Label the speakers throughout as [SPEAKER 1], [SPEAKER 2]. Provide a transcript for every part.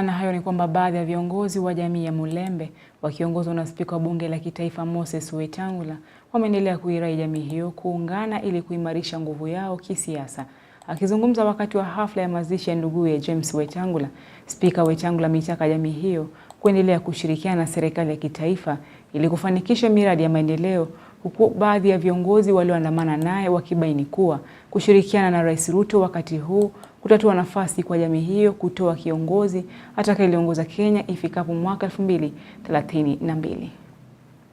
[SPEAKER 1] Kuhusiana na hayo ni kwamba baadhi ya viongozi wa jamii ya Mulembe wakiongozwa na Spika wa Bunge la Kitaifa Moses Wetang'ula wameendelea kuirai jamii hiyo kuungana ili kuimarisha nguvu yao kisiasa. Akizungumza wakati wa hafla ya mazishi ya nduguye James Wetang'ula, Spika Wetang'ula ameitaka jamii hiyo kuendelea kushirikiana na serikali ya kitaifa ili kufanikisha miradi ya maendeleo huku baadhi ya viongozi walioandamana naye wakibaini kuwa kushirikiana na Rais Ruto wakati huu kutatoa nafasi kwa jamii hiyo kutoa kiongozi atakayeongoza Kenya ifikapo mwaka 2032.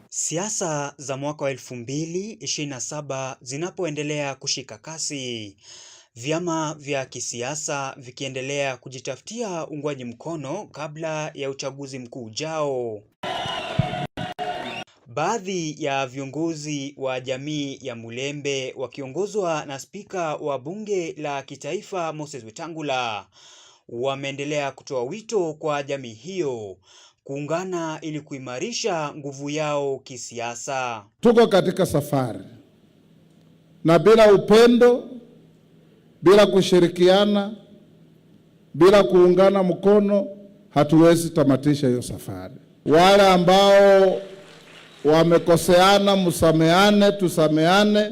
[SPEAKER 2] Siasa za mwaka wa 2027 zinapoendelea kushika kasi, vyama vya kisiasa vikiendelea kujitafutia uungwaji mkono kabla ya uchaguzi mkuu ujao. Baadhi ya viongozi wa jamii ya Mulembe wakiongozwa na Spika wa Bunge la Kitaifa Moses Wetangula wameendelea kutoa wito kwa jamii hiyo kuungana ili kuimarisha nguvu yao kisiasa.
[SPEAKER 3] Tuko katika safari na bila upendo, bila kushirikiana, bila kuungana mkono, hatuwezi tamatisha hiyo safari. Wale ambao wamekoseana, msameane, tusameane,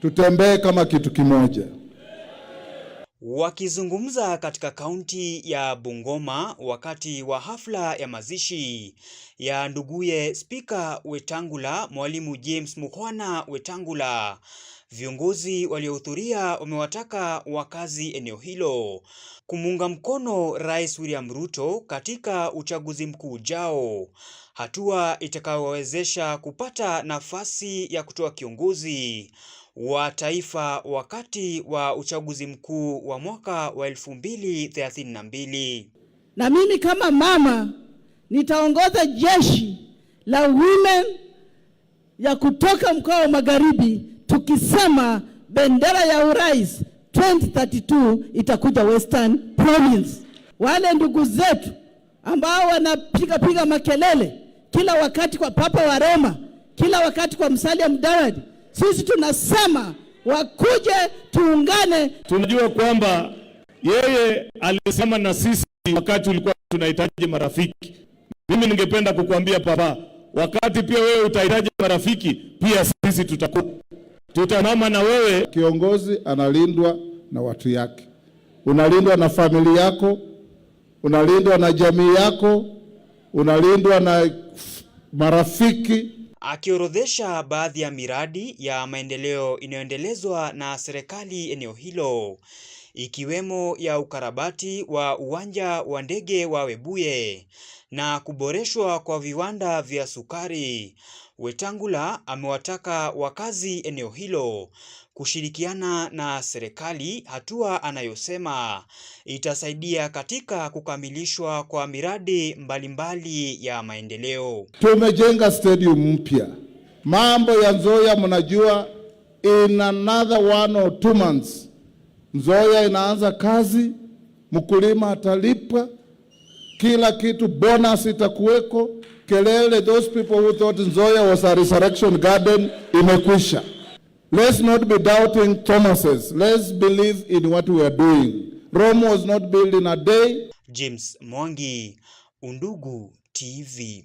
[SPEAKER 3] tutembee kama kitu kimoja.
[SPEAKER 2] Wakizungumza katika kaunti ya Bungoma wakati wa hafla ya mazishi ya nduguye Spika Wetangula, Mwalimu James Mukhwana Wetangula Viongozi waliohudhuria wamewataka wakazi eneo hilo kumuunga mkono Rais William Ruto katika uchaguzi mkuu ujao, hatua itakayowawezesha kupata nafasi ya kutoa kiongozi wa taifa wakati wa uchaguzi mkuu wa mwaka wa 2032.
[SPEAKER 4] Na mimi kama mama nitaongoza jeshi la women ya kutoka mkoa wa Magharibi tukisema bendera ya urais 2032 itakuja Western Province. Wale ndugu zetu ambao wanapigapiga makelele kila wakati kwa Papa wa Roma, kila wakati kwa Musalia Mudavadi, sisi tunasema wakuje tuungane.
[SPEAKER 5] Tunajua kwamba yeye alisema na sisi wakati ulikuwa tunahitaji marafiki. Mimi ningependa kukuambia papa, wakati pia wewe utahitaji marafiki, pia sisi tutakuwa tutamama na wewe.
[SPEAKER 3] Kiongozi analindwa na watu yake, unalindwa na familia yako, unalindwa na jamii yako, unalindwa na marafiki.
[SPEAKER 2] Akiorodhesha baadhi ya miradi ya maendeleo inayoendelezwa na serikali eneo hilo ikiwemo ya ukarabati wa uwanja wa ndege wa Webuye na kuboreshwa kwa viwanda vya sukari. Wetangula amewataka wakazi eneo hilo kushirikiana na serikali, hatua anayosema itasaidia katika kukamilishwa kwa miradi mbalimbali mbali ya maendeleo.
[SPEAKER 3] Tumejenga stadium mpya. Mambo ya Nzoia mnajua, in another one or two months Nzoia inaanza kazi, mkulima atalipwa kila kitu, bonus itakuweko kelele, those people who thought Nzoia was a resurrection garden imekwisha. Let's not be doubting Thomas's. Let's believe in what we are doing. Rome was not built in a day.
[SPEAKER 2] James Mwangi, Undugu TV.